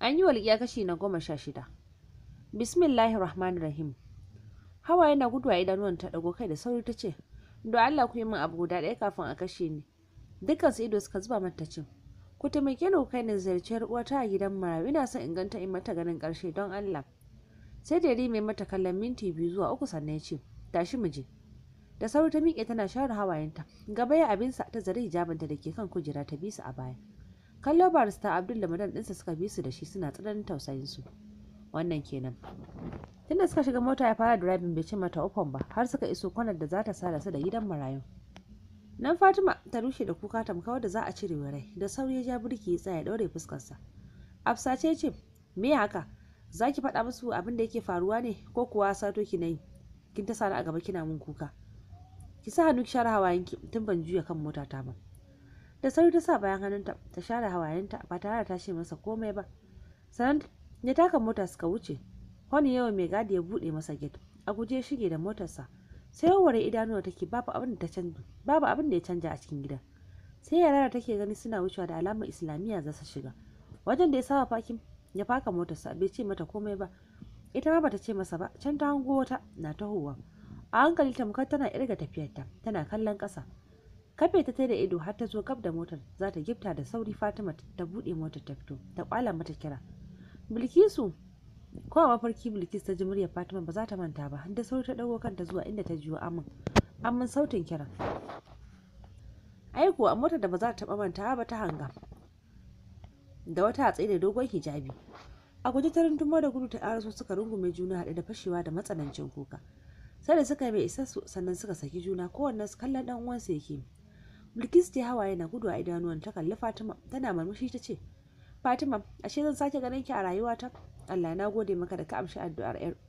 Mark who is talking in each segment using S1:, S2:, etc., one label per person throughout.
S1: an yi walƙiya kashi na goma sha shida bismillahi rahmanir rahim hawaye na gudu a idanuwan ta ɗago kai da sauri ta ce do allah ku yi min abu guda ɗaya kafin a kashe ni dukkan su ido suka zuba mata ce ku taimake ni ku kai ni ziyarciyar uwata a gidan marayu ina son in ganta in mata ganin ƙarshe don allah sai da mai mata kallon minti biyu zuwa uku sannan ya ce tashi mu je da sauri ta miƙe tana share hawayenta gaba ya abinsa ta zari hijabinta da ke kan kujera ta bisa a baya kallo barista abdul da madan ɗinsa suka bi su da shi suna tsananin tausayin su wannan kenan tunda suka shiga mota ya fara driving bai ce mata ukon ba har suka iso kwanar da za ta sa su da gidan marayun nan fatima ta rushe da kuka tamkawar da za a cire rai da sauri ya ja birki ya tsaya ɗaure fuskarsa afsa ce ce me haka za ki faɗa musu abin da yake faruwa ne ko kuwa sato ki nayi kin ta sani a gaba kina mun kuka ki sa hannu ki share hawayenki tun ban juya kan motata ba da sauri ta sa bayan hannunta ta share hawayenta ba tare da ta ce masa komai ba sannan ya taka mota suka wuce wani yawan mai gadi ya buɗe masa gate a guje ya shige da motarsa sai warware idanuwa take babu abin da canja babu abin da ya canja a cikin gidan sai yara da take gani suna wucewa da alamar islamiyya za su shiga wajen da ya saba fakin ya faka motarsa bai ce mata komai ba ita ma bata ce masa ba can ta hango wata na tahowa a hankali tamkar tana irga tafiyarta tana kallon ƙasa kafe ta da ido har ta zo gab da motar za ta gifta da sauri fatima ta bude motar ta fito ta kwala mata kira bilkisu kowa mafarki bilkis ta ji murya fatima ba za ta manta ba da sauri ta dauko kanta zuwa inda ta ji amin amin sautin kiran aiko a motar da ba za ta taba manta ba ta hanga da wata hatsi da dogon hijabi a guji ta rundumo da gudu ta araso suka rungume juna haɗe da fashewa da matsanancin kuka sai da suka mai isa sannan suka saki juna kowanne su kallon dan uwansa yake bilkis ta hawaye na gudu a idanuwan ta kalli fatima tana murmushi ta ce fatima ashe zan sake ganin ki a rayuwata allah na gode maka da ka amshi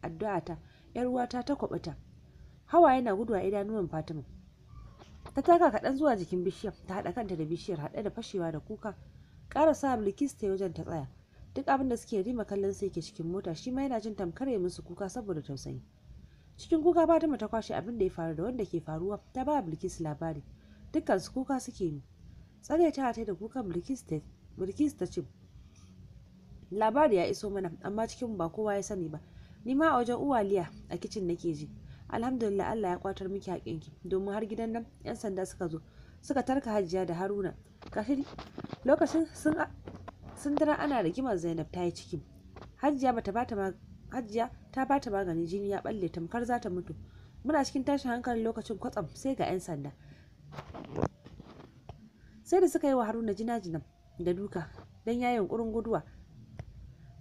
S1: addu'ar ta yar uwata ta kwabata. hawaye na gudu a idanuwan fatima ta taka kaɗan zuwa jikin bishiyar ta haɗa kanta da bishiyar haɗe da fashewa da kuka ƙara sa bilkis ta wajen ta tsaya duk abin da suke rima kallon su yake cikin mota shi ma yana jin tamkar ya musu kuka saboda tausayi cikin kuka fatima ta kwashe abin da ya faru da wanda ke faruwa ta ba bilkis labari su kuka suke yi tsare ta ta da kukan bilkis ta ce labari ya iso mana amma cikin ba kowa ya sani ba ni ma a wajen uwaliya a kicin nake ji alhamdulillah Allah ya kwatar miki haƙinki domin har gidan nan yan sanda suka zo suka tarka hajiya da haruna lokacin sun sun dara ana rigimar zainab ta yi ciki hajiya ta bata hajiya ta bata maganin jini ya balle tamkar za ta mutu muna cikin tashin hankalin lokacin kwatsam sai ga yan sanda sai da suka yi wa haruna jina-jinan da duka don ya yunkurin guduwa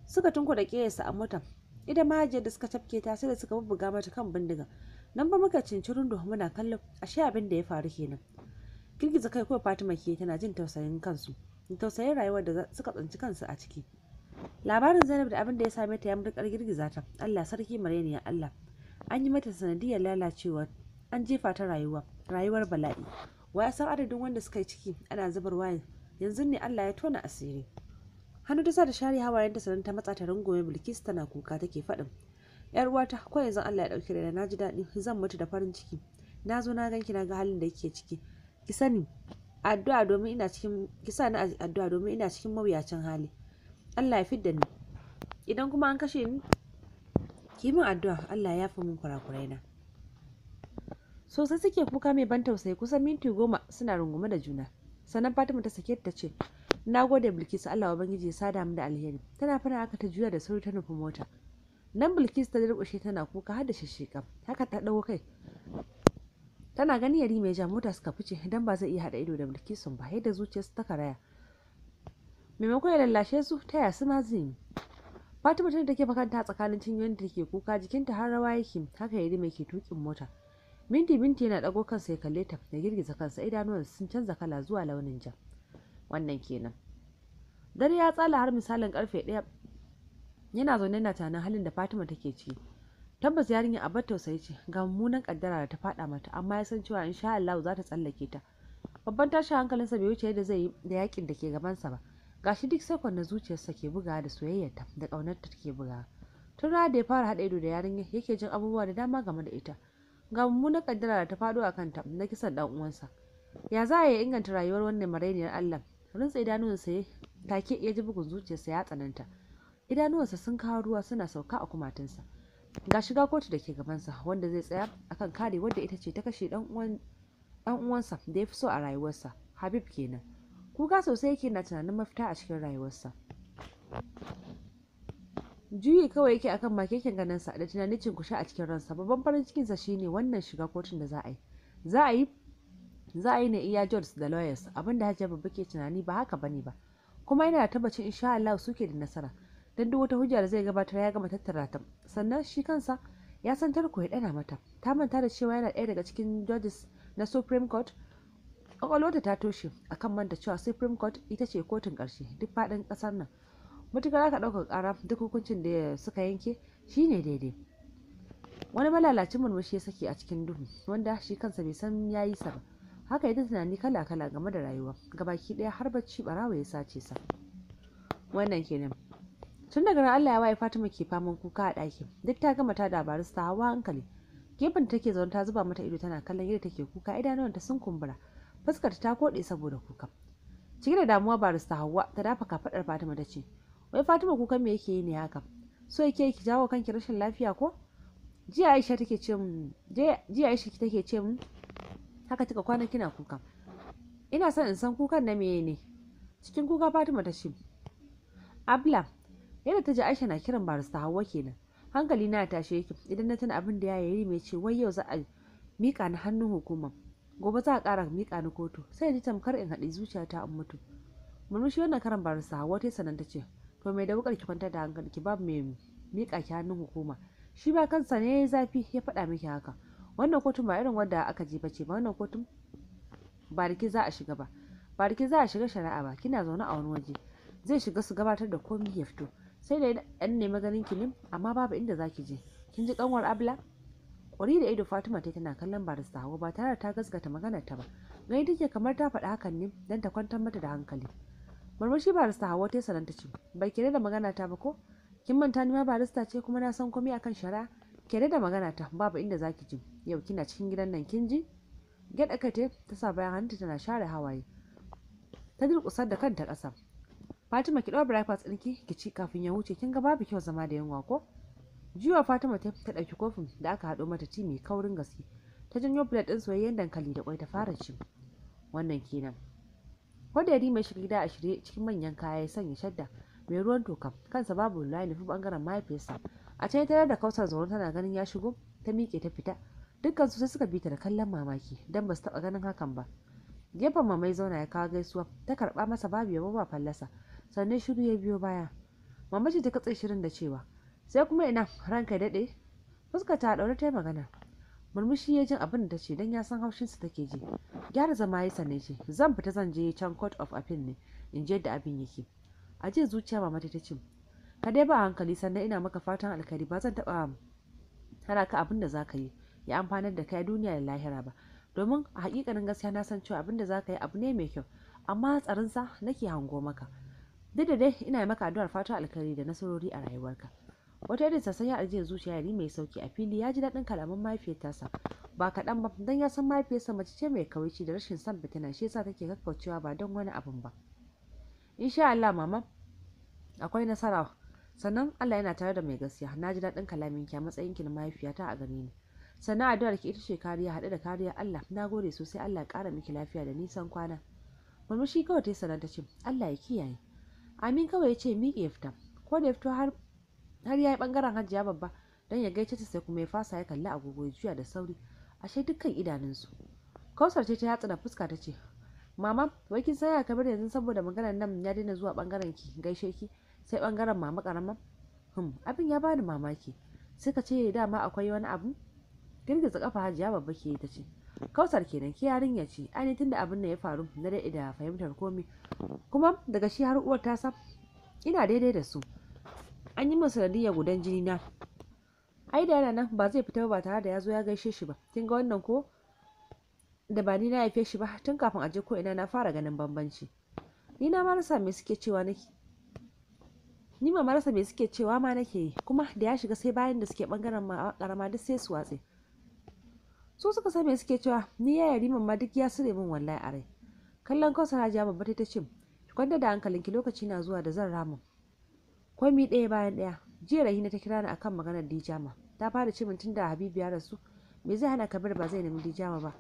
S1: suka tunko da ƙeyarsa a mota ita mahajiyar da suka tafke ta sai da suka bubbuga mata kan bindiga nan ba muka cincirin da muna kallon ashe abin da ya faru kenan girgiza kai ko fatima ke tana jin tausayin kansu tausayin rayuwar da suka tsinci kansu a ciki labarin zainab da abin da ya same ta ya murƙar girgiza ta allah sarki ya allah an yi mata sanadiyar lalacewa an jefa ta rayuwa rayuwar bala'i wa ya san adadin wanda suka yi ciki ana zubarwa yanzu ne Allah ya tona asiri hannu ta sa da share hawayenta sanin ta matsa ta rungume bilkis tana kuka take faɗin yar uwata ko yanzu Allah ya dauke da na ji daɗi zan mutu da farin ciki na zo na ganki na ga halin da yake ciki ki sani addu'a domin ina cikin ki sani addu'a domin ina cikin mawuyacin hali Allah ya fidda ni idan kuma an kashe ni ki yi min addu'a Allah ya fi min kurakurai na sosai suke kuka mai ban tausayi kusan minti goma suna rungume da juna sannan fatima ta sake ta ce na gode bilkisu allah wa Bangiji ya sada mu da alheri tana fara haka ta juya da sauri ta nufi mota nan bilkisu ta durƙushe tana kuka har da shishika haka ta ɗau kai tana gani yari mai ja mota suka fice idan ba zai iya haɗa ido da bilkisun ba yadda zuciyarsu ta karaya maimakon ya lallashe su ta yasu ma zai fatima tana take makanta tsakanin cinyoyin da take kuka jikinta har rawa yake haka yari mai ke tukin mota minti minti yana ɗago kansa ya kalle ta girgiza kansa idanuwan sun canza kala zuwa launin ja. Wannan kenan. Dare ya tsala har misalin karfe ɗaya yana zaune yana tunanin halin da Fatima take ciki. Tabbas yarinya bar tausayi ce ga mummunan kaddara da ta faɗa mata amma ya san cewa insha Allah za ta tsallake ta. Babban tashin hankalinsa bai wuce yadda zai yi da yakin da ke gabansa ba. Gashi duk sakon na zuciyarsa ke bugawa da soyayyarta da ta take bugawa. Tun da ya fara haɗa ido da yarinya yake jin abubuwa da dama game da ita. ga mummunar kaddara da ta fado a kanta na kisan dan uwansa ya za ya inganta rayuwar wannan marainiyar Allah rinsa idanunsa ya take ya ji bugun zuciyarsa ya tsananta idanuwansa sun kawo ruwa suna sauka a kumatunsa ga shiga kotu da ke gabansa wanda zai tsaya akan kare wadda ita ce ta kashe dan uwansa da ya fi so a rayuwarsa habib kenan kuka sosai yake na tunanin mafita a cikin rayuwarsa juyi kawai yake akan makekin ganinsa da tunanin cin kusha a cikin ransa babban farin cikinsa shine wannan shiga kotun da za a yi za a yi za a yi na iya Jones da lawyers abinda Hajiya babba ke tunani ba haka bane ba kuma yana da tabbacin insha Allah suke da nasara don duk wata hujjar da zai gabatar ya gama tattara ta sannan shi kansa ya san tarko ya dana mata ta manta da cewa yana ɗaya daga cikin judges na Supreme Court kwakwalwarta ta toshe akan manta cewa Supreme Court ita ce kotun ƙarshe duk faɗin ƙasar nan za aka ɗaukar ƙara duk hukuncin da suka yanke shi shine daidai wani malalacin murmushi ya saki a cikin duhu wanda shi kansa bai san ya yi sa ba haka ya tunani kala-kala game da rayuwa gabaki ɗaya har bacci ɓarawa ya sace sa wannan kenan tun daga Allah ya waye Fatima ke faman kuka a ɗakin duk ta gama ta dabaru ta hawa hankali gefen take zaune ta zuba mata ido tana kallon yadda take kuka idanuwanta sun kumbura fuskarta ta koɗe saboda kuka cike da damuwa barista Hauwa ta dafa kafaɗar Fatima ta ce wai fatima kuka me yake yi ne haka so yake ki jawo kanki rashin lafiya ko jiya aisha take ce mu jiya aisha ki take ce mu haka kika kwana kina kuka ina son in san kukan na meye ne cikin kuka fatima ta ce abla yadda ta ji aisha na kiran barista hawa kenan hankali na tashe yake idan na tuna abin da ya yi mai ce wai yau za a mika ni hannun hukuma gobe za a kara mika ni kotu sai ji tamkar in haɗi zuciyata in mutu murmushi wannan karan barista hawa ta sanan ta ce to mai da wukar ki kwantar da hankali ki ba mai mika ki hannun hukuma shi ba kansa ne zafi ya faɗa miki haka wannan kotun ba irin wanda aka jefa ce ba wannan kotun ba da za a shiga ba ba da za a shiga shari'a ba kina zaune a wani waje zai shiga su gabatar da komi ya fito sai da yan nemi ganin ki ne amma babu inda za ki je kin ji kanwar abla kwari da ido fatima ta tana kallon barista hawa ba tare da ta gaskata maganar ta ba gani take kamar ta faɗa hakan ne dan ta kwantar mata da hankali murmushi barista hawa ta yi ta ce bai kere da magana ta ba ko kin manta ni ma barista ce kuma na san komai akan shara kere da magana ta babu inda zaki ji yau kina cikin gidan nan kin ji ka te ta sa bayan hannunta tana share hawaye ta durƙusar da kanta ƙasa Fatima ki ɗau breakfast ɗinki ki ci kafin ya wuce kin ga babu kyau zama da yunwa ko jiwa Fatima ta ta ɗauki kofin da aka haɗo mata ci mai kaurin gaske ta janyo plate ɗin soyayyen dankali da kwai ta fara ci wannan kenan ko da yarima shiga gida a shirye cikin manyan kaya ya sanya shadda mai ruwan toka kansa babu lula ya nufi bangaren mahaifiyarsa a can tarar da kausar zaune tana ganin ya shigo ta miƙe ta fita dukkan su suka bi ta da kallon mamaki don ba su taɓa ganin hakan ba gefen mamai zauna ya kawo gaisuwa ta karɓa masa babu yabo ba fallasa sannan shiru ya biyo baya mamaci ta katse shirin da cewa sai kuma ina ranka daɗe fuska ta ɗaure ta magana murmushi ya jin abin da ta ce don ya san su take ji gyara zama ya sane ce zan fita zan je can court of appeal ne in je da abin yake a jiya zuciya mama ta ce ka dai ba hankali sannan ina maka fatan alkali ba zan taɓa hana ka abin da zaka yi ya amfanar da kai duniya da lahira ba domin a hakikanin gaskiya na san cewa abin da zaka yi abu ne mai kyau amma tsarinsa nake hango maka duk da dai ina maka addu'ar fatan alkali da nasarori a rayuwarka wata irin sasanya ajiyar zuciya yari mai sauki a fili ya ji daɗin kalaman mahaifiyar ba kaɗan ba don ya san mahaifiyarsa mace ce mai kawaici da rashin son fitina shi yasa take kakkaucewa ba don wani abin ba insha Allah mama akwai nasara sannan Allah yana tare da mai gaskiya na ji daɗin kalamin ki a matsayin ki na mahaifiyata a gare ni sannan addu'ar ki ita ce kariya haɗe da kariya Allah na gode sosai Allah ya ƙara miki lafiya da nisan kwana murmushi kawai ta yi sanar ta ce Allah ya kiyaye amin kawai ya ce miƙe fita ko da fito har har ya yi bangaren hajiya babba don ya gaice ta sai kuma ya fasa ya kalli agogo ya juya da sauri ashe dukkan idanunsu kausar ce ta yatsa da fuska ta ce mama wai kin san ya kabar yanzu saboda maganar nan ya daina zuwa bangaren ki gaishe ki sai bangaren mama karama Hum, abin ya bani mamaki sai ka ce dama akwai wani abu girgiza kafa hajiya babba ke ta ce kausar kenan ke yarinya ce ainihin tunda abin da ya faru na daɗe da fahimtar komai kuma daga shi har uwar ta san ina daidai da su an yi min sanadiyya gudan jini na ai da yana nan ba zai fita ba tare da ya zo ya gaishe shi ba kin ga wannan ko da ba ni na haife shi ba tun kafin a je ko ina na fara ganin bambanci ni na ma me suke cewa nake ni ma marasa me suke cewa ma nake yi kuma da ya shiga sai bayan da suke bangaren ma karama duk sai su watse su suka san me suke cewa ni ya yari mamma duk ya sire min wallahi a rai kallon kansa na ja babba ta ce kwanta da hankalinki lokaci na zuwa da zan ramu komi ɗaya bayan ɗaya jiya rahina ta kira ni akan maganar dijama ta fara cimin tun da habibu ya rasu me zai hana kabir ba zai nemi dijama ba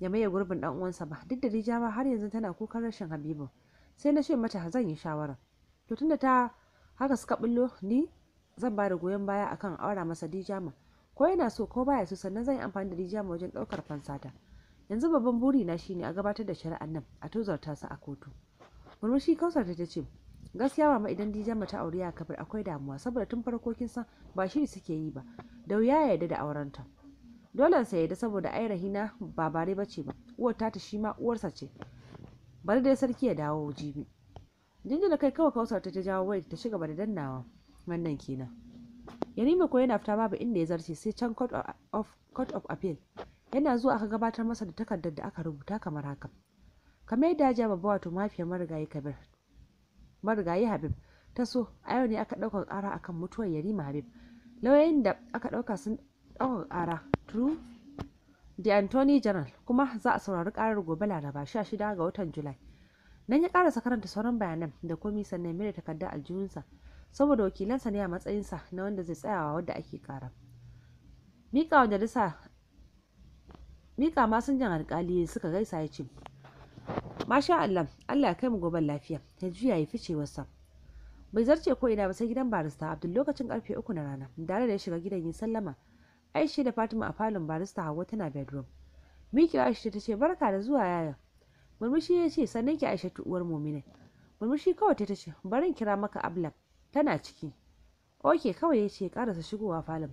S1: ya maye gurbin dan uwansa ba duk da dijama har yanzu tana kukan rashin habibu sai na ce mata zan yi shawara to tunda ta haka suka bullo ni zan ba da goyon baya akan aura masa dijama ko yana so ko baya so sannan zan yi amfani da dijama wajen ɗaukar fansata yanzu babban burina shine a gabatar da shari'ar nan a tozarta su a kotu murmushi kausar ta ce gaskiya mama idan dija mata aure ya kafir akwai damuwa saboda tun farko kin san ba shiri suke yi ba da wuya ya yarda da aurenta dole sa yarda saboda ai rahina ba bare bace ba uwar ta shi ma uwarsa ce bari dai sarki ya dawo jibi jinjina kai kawai kausar ta jawo wai ta shiga da dannawa wannan kenan yarima ko yana fita babu inda ya zarce sai can court of, court of appeal yana zuwa aka gabatar masa da takardar da aka rubuta kamar haka kamar yadda ja babba wato mafiyar marigayi kabir marigayi habib ta so a yau ne aka ɗaukar ƙara akan mutuwar yarima habib lauyoyin da aka ɗauka sun ɗaukar ƙara true the anthony general kuma za a saurari ƙarar gobe laraba 16 ga watan julai nan ya ƙarasa karanta sauran bayanan da komi sannan mai takardar aljihunsa saboda wakilansa ne a matsayinsa na wanda zai tsayawa wadda ake ƙara mika masinjan alƙali suka gaisa ya ce masha Allah Allah ya kai mu goben lafiya ya juya ya fice wasa bai zarce ko ina ba sai gidan barista Abdul lokacin karfe uku na rana dare da ya shiga gidan yin sallama Aisha da Fatima a falon barista Hauwa tana bedroom Miki Aisha ta barka da zuwa yaya murmushi ya ce sannan ki Aisha uwar mumina murmushi kawai ta ce barin kira maka Abla tana ciki oke kawai ya ce karasa shigowa falon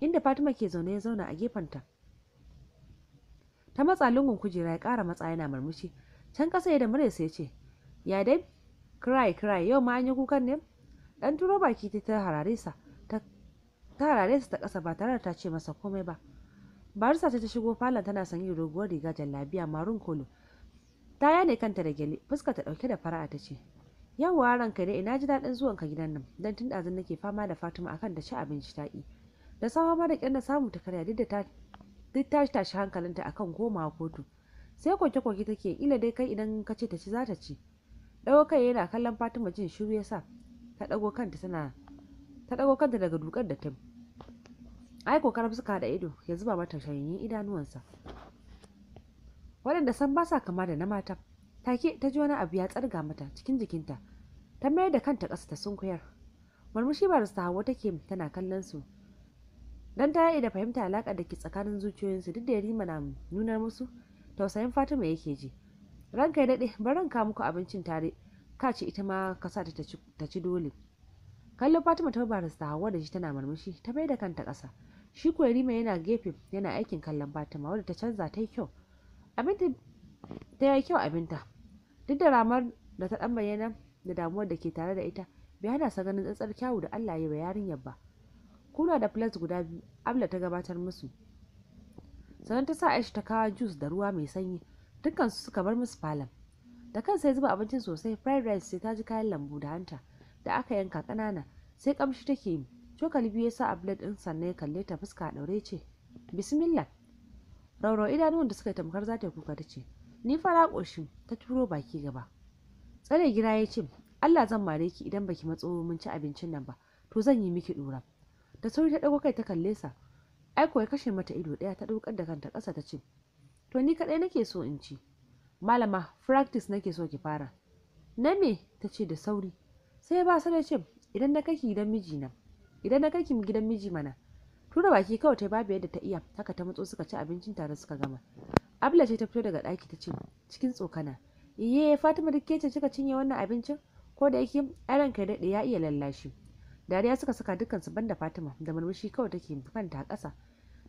S1: inda Fatima ke zaune ya zauna a gefenta ta matsa lungun kujera ya kara matsa yana murmushi can kasa ya da murya sai ce ya dai cry cry yau ma an yi kukan ne dan turo baki ta harare sa ta harare sa ta ƙasa ba tare da ta ce masa komai ba barisa ta shigo falon tana sanye doguwar riga jallabiya marun kolo ta yane kanta da gyale fuska ta dauke da fara'a ta ce yawwa ranka ne ina ji daɗin zuwan ka gidan nan dan tun ɗazun nake fama da fatima akan da ci abinci ta yi da sawa ma da na samu ta karya duk da ta tashi tashi hankalinta akan komawa kotu sai koke-koke take ila dai kai idan ka ce ta ci za ta ci ɗago kai yana kallon fatima jin shiru ya sa ta ɗago kanta tana ta ɗago kanta daga dukar da ta ai kokarin suka haɗa ido ya zuba mata shanyin idanuwansa waɗanda san ba sa kama da na mata take ta ji wani abu ya tsarga mata cikin jikinta ta mayar da kanta ƙasa ta sunkuyar murmushi ba da hawa take tana kallon su dan ta da fahimta alaƙa da ke tsakanin zuciyoyinsu duk da yarima na nunar musu tausayin fatima yake ji ranka ya daɗe barin ka muku abincin tare ka ce ita ma ka sa ta ci dole kallon fatima ta ta hawa da shi tana murmushi ta bai da kanta ƙasa shi ko rima yana gefe yana aikin kallon fatima wadda ta canza ta yi kyau abinta ta yi kyau abinta duk da ramar da ta ɗan bayyana da damuwar da ke tare da ita bai hana sa ganin tsantsar kyawu da allah ya ba yarinyar ba kuna da flas guda biyu abla ta gabatar musu sannan ta sa aisha ta kawo jus da ruwa mai sanyi dukkansu suka bar musu falon da kan sai zuba abincin sosai fried rice sai ta ji kayan lambu da hanta da aka yanka kanana sai kamshi take yi cokali biyu ya sa a blade din sannan ya kalle ta fuska a daure ce bismillah rauro idanuwan da suka yi tamkar za ta kuka ta ce ni fara koshi ta turo baki gaba tsare gida ya ce allah zan mare ki idan baki matso mun ci abincin nan ba to zan yi miki dora da sauri ta ɗago kai ta kalle sa ai ya kashe mata ido ɗaya ta ɗaukar da kanta ƙasa ta ce to ni kaɗai nake so in ci malama practice nake so ki fara na me ta ce da sauri sai ba sa da ce idan na kaki gidan miji na idan na kaki gidan miji mana tura baki kawai ta babu yadda ta iya haka ta matso suka ci abincin tare suka gama abla ce ta fito daga ɗaki ta ce cikin tsokana iye fatima duk kece kika cinye wannan abincin ko da yake ai ranka daɗe ya iya lallashi dariya suka saka dukkansu banda fatima da murmushi kawai take kwanta a ƙasa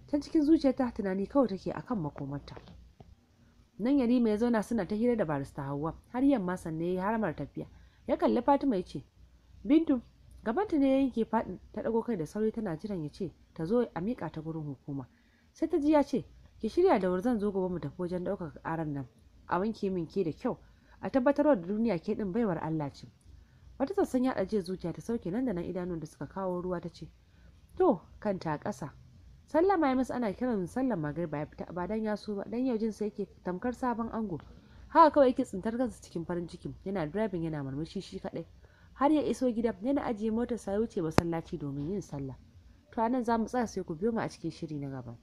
S1: can cikin zuciyarta tunani kawai take akan makomarta nan yarima ya zauna suna ta hira da barista hawa har yamma Sanne ya haramar tafiya ya kalli fatima ya ce bintu gabanta ne ya yanke faɗin ta ɗago kai da sauri tana jiran ya ce ta zo a miƙa ta gurin hukuma sai ta ji ya ce ki shirya da zan zo gobe mu tafi wajen ɗaukar ƙarar nan a wanke min ke da kyau a tabbatarwa da duniya ke ɗin baiwar Allah ce wata sassan ya jiya zuciya ta sauke nan da nan idanun da suka kawo ruwa ta ce to kanta kasa. ƙasa sallama ya masu ana kiran sallan magariba ya fita ba dan ya so ba dan yau jinsa yake tamkar sabon ango haka kawai yake tsintar kansa cikin farin ciki yana driving yana murmushi shi kadai har ya iso gida yana ajiye motar sa ya wuce masallaci domin yin sallah to anan za mu tsaya sai ku biyo mu a cikin shiri na gaba